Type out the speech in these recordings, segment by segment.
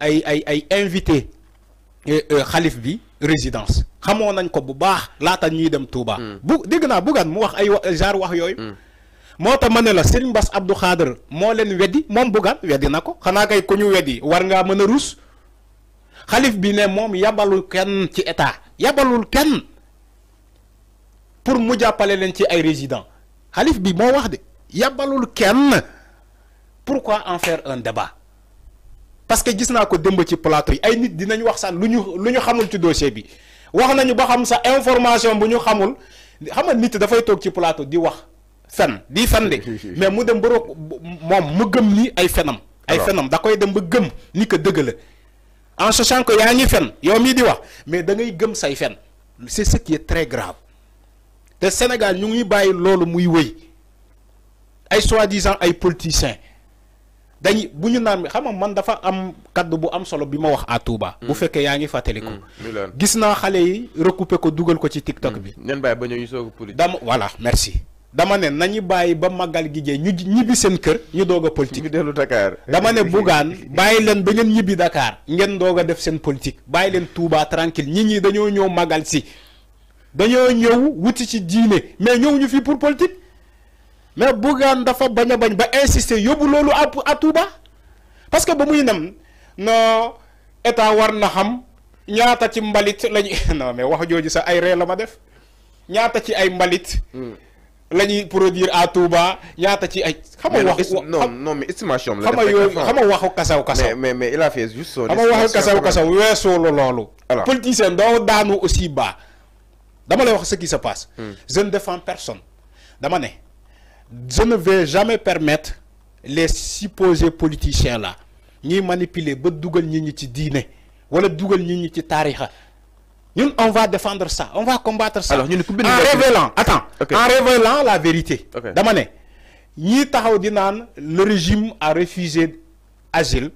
ay ay ay invité euh, euh, xalif bi résidence xamoon ko bu baax lata ñuy dem Touba. Hmm. bu dégg naa Bougane mu wax ay jaar euh, wax yoy hmm. mota manela Serigne Bass Abdou Khader mo len weddi mom Bougane weddi na ko xanaa kay ku ñu weddi war nga mën a ruus bi ne mom yabalul kenn ci état yabalul kenn pour mu jappalé len ci ay résident xalif bi mo wax de yabalul kenn pourquoi en faire un débat parce que gis naa ko démb ci plateau ay nit dinañ wax sax luñu luñu xamul ci dossier bi wax nañu ba xam sa information buñu xamul xam nga nit fay tok ci plateau di wax fen di fen de mais mu dem ba mom mu gëm ni ay fenam ay fenam da koy dem ba gëm ni ke dëgg la en sachant que yaa ngi fen yow mi di wax mais da ngay gëm say fen c'est ce qui est très grave te Sénégal ñu ngi bayyi lolu muy wéy ay soi-disant ay politiciens dañuy bu ñu naan xam nga man dafa am kàdd bu am solo bi ma wax à Touba. Mm. bu fekkee yaa ngi fàttaliku. Mm. gis naa xale yi recoupé ko dugal ko ci TikTok mm. bi. ngeen bàyyi ba ñëw ñu soog politique. dama voilà merci. dama ne nañu bàyyi ba màggal gi jee ñu ñibbi seen kër ñu doog a politique ñu dellu Dakar dama ne Bougane bàyyi leen ba ngeen ñibbi dakaar ngeen doog a def seen politique bàyyi leen Touba tranquille nit ñi dañoo ñëw màggal si dañoo ñëw wuti ci diine mais ñëw ñu fii pour politique. mais Bougane dafa bañ a bañ ba insister yóbbu loolu à à Touba parce que ba muy no non état war na xam ñaata ci mbalit lañu non mais wax jooju sax ay a la ma def ñaata ci ay mbalit. Hmm. la ñuy produire à Touba ñaata ci ay. xam nga wax non non mais estimation la. xam yooyu xam nga waxu kasaw kasaw. mais mais mais il a fait juste son. xam waxu kasaw kasaw weesoo la loolu. politicien doo daanu aussi ba dama lay wax ce qui se passe. Hmm. je ne défends personne dama ne. je ne vais jamais permettre les supposés politiciens là ni manipuler ba dougal ni ñi ci diine wala dougal ni ñi ci nous on va défendre ça on va combattre ça. alors en révélant attends en révélant la vérité. dama le régime a refusé asile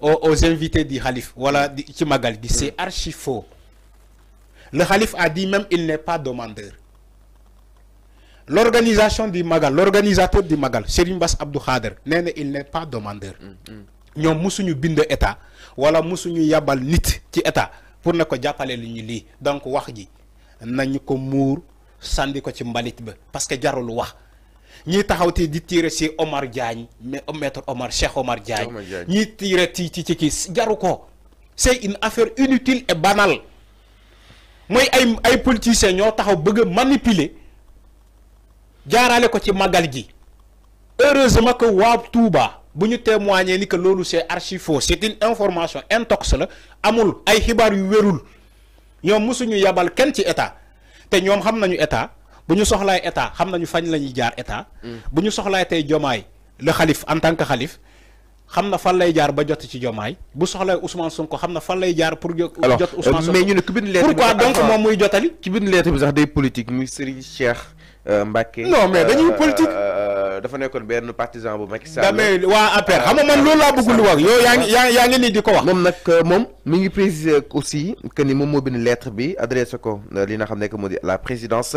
aux invités du Khalif. Voilà, c'est hmm. archi faux le Khalif a dit même qu'il n'est pas demandeur l'organisation du magal l'organisateur du magal Serigne Bass Abdou Khader nee il n'est pas demandeur mm, mm. ñoom musuñu bind état wala musuñu yabal nit ci état pour ne ko jàppale li ñu donc wax ji nañu ko muur sànni ko ci mbalit ba parce que jarul wax ni taxawti di tirer ci Omar Diagne mais maître Omar Cheikh Omar Diagne ni tirer ci ci ci kii ko c'est une affaire inutile et banale moy ay ay politiciens ñoo taxaw bëgg manipuler jaaraale ko ci magal gi heureusement que waa Touba bu ñu témoigner ni que loolu c'est archi faux c'est une information intox la amul ay xibaar yu wérul ñoom mosuñu yabal kenn ci état te ñoom xam nañu état bu ñu soxlaay état xam nañu fañ la ñuy jaar état mm. bu ñu soxlaay tey jomaay le xalif en tant que xalif xam na fan lay jaar ba jot ci jomaay bu soxlay Ousmane Sonko xam na fan jaar pour. jot Ousmane euh, Sonko mais ñu donc moom muy jotali. ki bind lettre bi sax day politique muy Serigne Cheikh euh, Mbacke. non mais dañuy euh, politique. Euh, dafa nekkoon benn partisan bu Macky Sall. damay wa APR euh, xam nga man loolu laa bëggul wax yow yaa ngi yaa ngi nii di ko wax. moom nag euh, moom mi ngi préciser aussi que ni moom moo bind lettre bi adressé ko li nga xam ne que moo di la présidence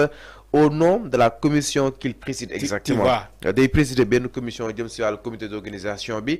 au nom de la commission qu'il préside exactement. day présider benn commission jëm si wàllu comité d'organisation bi.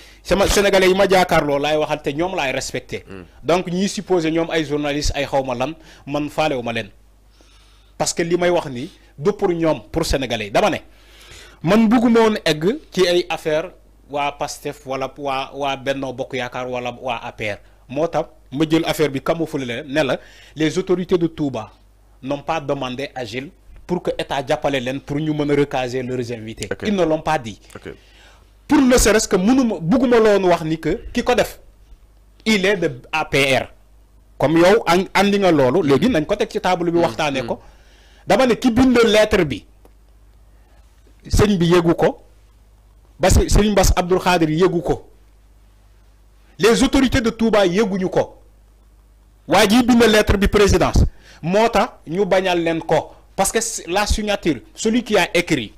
sama sénégalais yi ma jaakaarloo laay waxal te ñoom laay respecté. Hmm. donc ñi supposé ñom ay journaliste ay xawma lan man ma parce que li may wax ni do pour ñom pour sénégalais dama ne man bëgguma won egg ci ay affaire wa PASTEF wala wa wa Benno Bokk yaakar wala wa APR moo ma jël affaire bi camouflé le né la les autorités de Touba n'ont pas demandé à Gilles pour que état jàppale len pour ñu mëna recaser leurs invités. ils ne l'ont pas dit pour ne serait-ce que mounou bugguma loon wax ni que il est de APR comme yow andi nga en léegi nañ ko teg ci table bi mm. waxtaanee ko mm. dama ne ki bind lettre bi C'est bi yëgu ko Bas c'est sëñ Bass Abdou Khadir yëgu ko les autorités de Touba yëguñu ko waa ji lettre bi présidence mota tax ñu bañal parce que la signature celui qui a écrit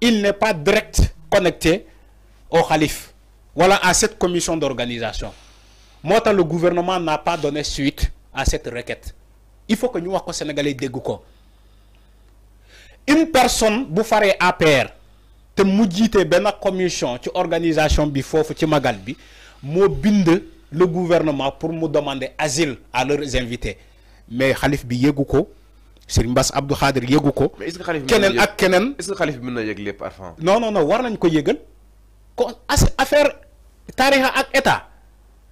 il n'est pas direct connecté au Khalif voilà à cette commission d'organisation. Moi, le gouvernement n'a pas donné suite à cette requête. Il faut que nous, les Sénégalais, Une personne, vous ferez APR, te moudjite ben commission, tu organisation bifo, tu magal bi, le gouvernement pour me demander asile à leurs invités. Mais Khalif bi yegouko, Serigne Bass Abdou Khadir yëgu ko. ak kenen est-ce que xalif bi mën na yëg lépp Arfan. non non non war nañ ko yëgal ko affaire tariha ak état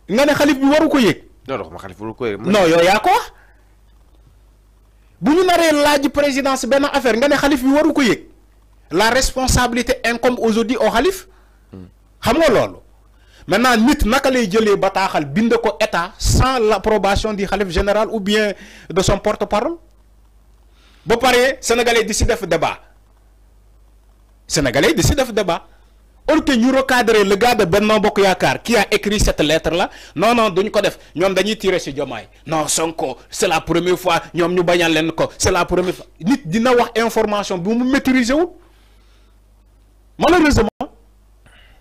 nga ne Khalif bi waru ko non non xalif waru ko yëg. non yo ya ko buñu bu laj présidence ben affaire nga ne Khalif bi waru ko la responsabilité incombe aujourd'hui au Khalif. xam nga lolu maintenant nit naka lay jëlee bataaxal bind ko état sans l'approbation du Khalif général ou bien de son porte-parole. Bo pare sénégalais décide de faire débat sénégalais décide de faire débat On que ñu recadrer le gars de Benno Bokk qui a écrit cette lettre là non non duñ ko def ñoom dañuy tirer si Diomaye non Sonko c'est la première fois ñoom ñu bañal leen ko c'est la première fois nit dina wax information bi mu maîtriser malheureusement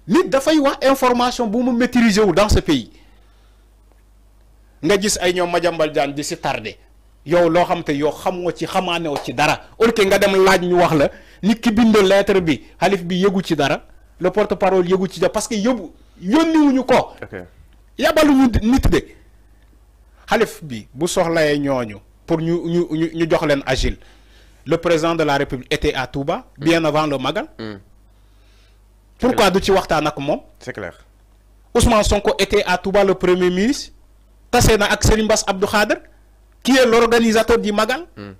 nit dafay wax information bu nous maîtriser dans ce pays nga gis ay ñoom Madiambal Diagne di si yow lo xam te yow xamoo ci xamaanoo ci dara au nga dem laaj ñu wax la nit ki bind lettre bi xalif bi yëgu ci dara le porte parole yëgu ci dara parce que yóbbu wuñu ko. yabaluñu nit de xalif bi bu soxlayee ñooñu pour ñu ñu ñu jox leen agile le président de la république était à Touba. Hmm. bien avant le magal. Hmm. pourquoi du ci waxtaan ak moom. c'est clair Ousmane Sonko était à Touba le premier ministre tase na ak Serigne Bass Abdou Khader qui est l'organisateur du Magal. Hmm.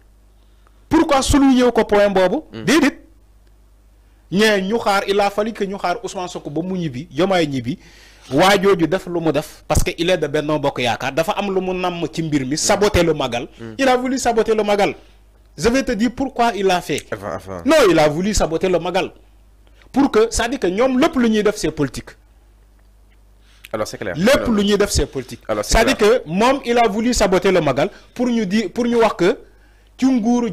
Pourquoi souligner au point Bobo hmm. Dédit. Il a fallu que nous xaar Ousmane Sonko ba mu ñibi yomay ñibi eu def lu mu def parce que il est de Benno Bokk Yaakaar dafa am lu mu nam ci mbir mi saboter le Magal. Hmm. il a voulu saboter le Magal. je vais te dire pourquoi il a fait. non il a voulu saboter le Magal. pour que ça dit que ñom lepp lu ñuy def c'est politique alors c'est clair le lu ñuy def c'est politique. alors c'est-à-dire que même il a voulu saboter le magal pour nous dire pour nous voir que ci nguuru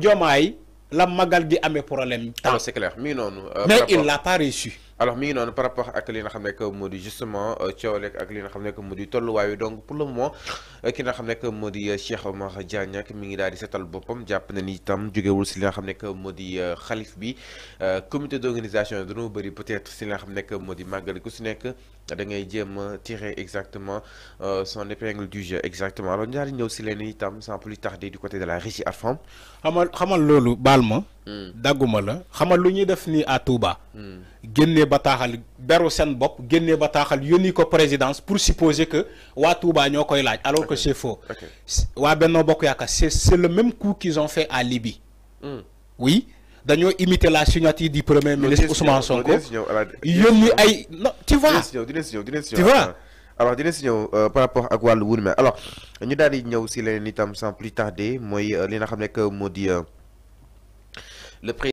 la magal gi amee problème. alors c'est clair euh, Mais non. mais il l'a pas réussi. alors mi non par rapport à li nga que modi justement euh, coow ak li nga xam que modi di donc pour le moment euh, ki nga xamné que modi Cheikh Omar Diagne ak mi ngi na ni tam du ci li nga xamné que modi khalif bi comité d'organisation de dañoo bari peut-être si li nga xamné que modi magal ku nekk da ngay jéem a exactement exactement euh, son épingle du jeu exactement alors ñaari ñëw si leen itam sans plus tarder du côté de la régie Arfam. xamal xamal lolu balma hmm. daguma la xamal lu ñuy def ni à Touba. Hmm. génnee batahal beru seen bopp génnee bataaxal yónni présidence pour supposer que wa Touba ñokoy laaj. alors que c'est faux. wa Benno Bokk yaaka c'est c'est le même coup qu'ils ont fait à Libye. Hmm. oui dañoo imiter la signature du premier ministre Ousmane Sonko yónni ay non tu vois tu vois euh, alors dina si ñëw euh, par rapport ak wàllu wun mais alors ñu daal di ñëw si leneen itam sans plus tarder moy euh, li nga xam ne que moo le